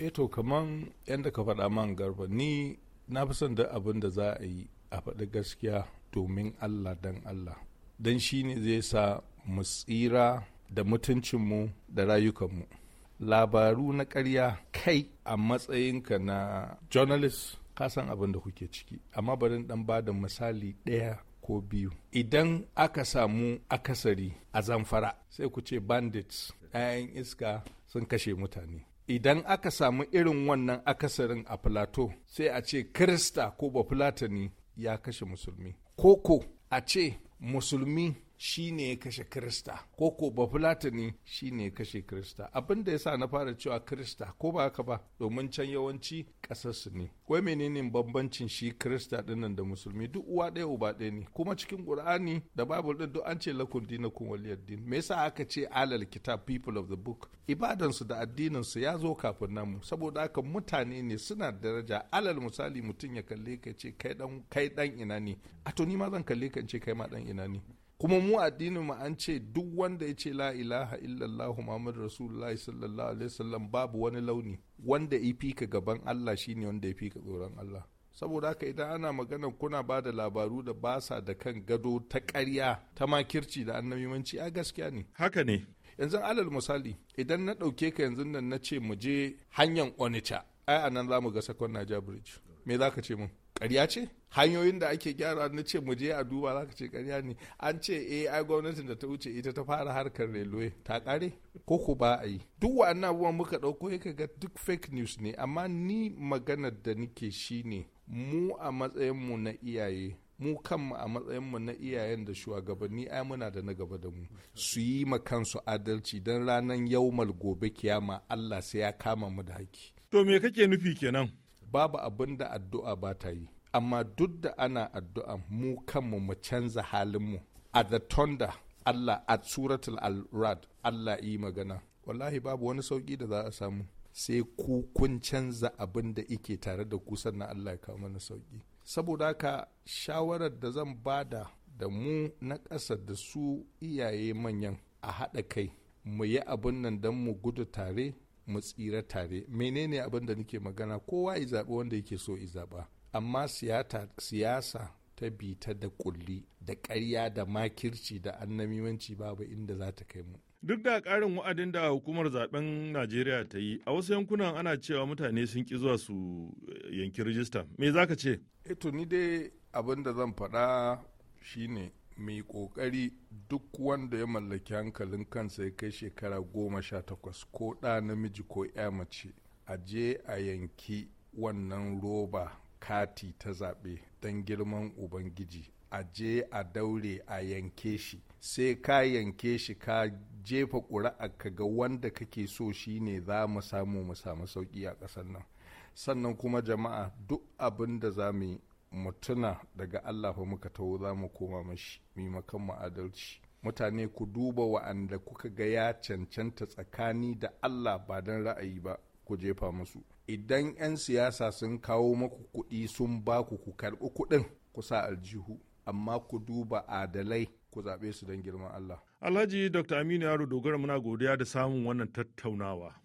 eto eh kaman yadda ka faɗa man garba ni na fi son da abin da za a yi a faɗi gaskiya domin allah dan allah don shi ne zai sa mu tsira da mutuncinmu da rayukanmu labaru na ƙarya kai a matsayinka na journalist ka san abin da kuke ciki amma bari dan ba da misali ɗaya ko biyu idan aka samu akasari a zamfara sai ku ce bandits 'ya'yan iska sun kashe mutane idan aka samu irin wannan akasarin a filato sai a ce krista ko bafulatani ya kashe musulmi koko a ce musulmi shi ne ya kashe Krista, ko ko Bafulatani shi ne ya kashe Krista. Abin da ya sa na fara cewa Krista ko ba haka ba, domin can yawanci ƙasarsu ne. Wai menene bambancin shi Krista dinnan da Musulmi duk uwa ɗaya uba ɗaya ne, kuma cikin Ƙur'ani da Bible ɗin duk an ce lakun dinakun waliyar din. Me yasa aka ce alal kitab people of the book? Ibadansu da addininsu ya zo kafin namu, saboda haka mutane ne suna daraja alal misali mutum ya kalle ka ce kai dan ina ne, a to ni ma zan kalle ka ce kai ma dan ina ne. kuma mu addinin mu an ce duk wanda ya ce la ilaha illallah muhammadu rasulullahi sallallahu alaihi wasallam babu wani launi wanda ya fi ka gaban Allah shine wanda ya fi ka tsoron Allah saboda haka idan ana magana kuna ba da labaru da basa da kan gado ta ƙarya ta makirci da annabimanci a gaskiya ne haka ne yanzu alal misali idan na ɗauke ka yanzu nan na ce mu je hanyar onitsha ai anan za mu ga sakon naija bridge me za ka ce mun ƙarya ce hanyoyin da ake gyara na ce mu je a duba za ka ce ƙarya ne an ce eh ai gwamnatin da ta wuce ita ta fara harkar railway eh, ta kare ko ku ba a yi duk wa'annan abubuwan muka ɗauko ya ga duk fake news ne amma ni maganar da nike shi ne mu a matsayinmu na iyaye mu kanmu a matsayinmu na iyayen da shugabanni ai muna da na gaba da mu su yi ma kansu adalci don ranar yaumal gobe kiyama Allah sai ya kama mu da haki. To me kake nufi kenan? babu abin da addu'a ba ta yi amma duk da ana addu'a mu kanmu mu canza halinmu a da thunder Allah a suratul al-rad Allah yi magana wallahi babu wani sauki da za a samu sai ku kun canza abin da ike tare da ku sannan Allah ya kawo mana sauki saboda haka shawarar da zan bada da mu na ƙasa da su iyaye manyan a haɗa kai mu yi abin nan don mu gudu tare mu tsira tare menene abin da nake magana kowa i zaɓi wanda yake so i zaɓa amma siyasa ta bita da kulli da ƙarya da makirci da annamimanci babu inda za ta kai mu duk da ƙarin wa'adin da hukumar zaben najeriya ta yi a wasu yankunan ana cewa mutane sun ƙi zuwa su eh, yanki rijista me za ka ce eto eh ni dai abin da zan faɗa shine mai kokari duk wanda ya mallaki hankalin kansa ya kai shekara goma sha takwas ko ɗa namiji ko ya mace a je a yanki wannan roba kati ta zaɓe don girman ubangiji a je a daure a yanke shi sai ka yanke shi ka jefa ƙuri'a ka ga wanda kake so shi ne za mu samu mu samu sauƙi a ƙasar nan sannan kuma jama'a duk abin da za mu yi mutuna daga Allah fa muka taho za mu koma mashi mai makan adalci mutane ku duba wa'anda kuka ga ya cancanta tsakani da Allah ba don ra'ayi ba ku jefa musu idan 'yan siyasa sun kawo maku kuɗi sun ba ku ku karɓi kuɗin ku sa aljihu amma ku duba adalai ku zaɓe su don girman Allah. Alhaji Dr. Aminu Yaro Dogara muna godiya da samun wannan tattaunawa.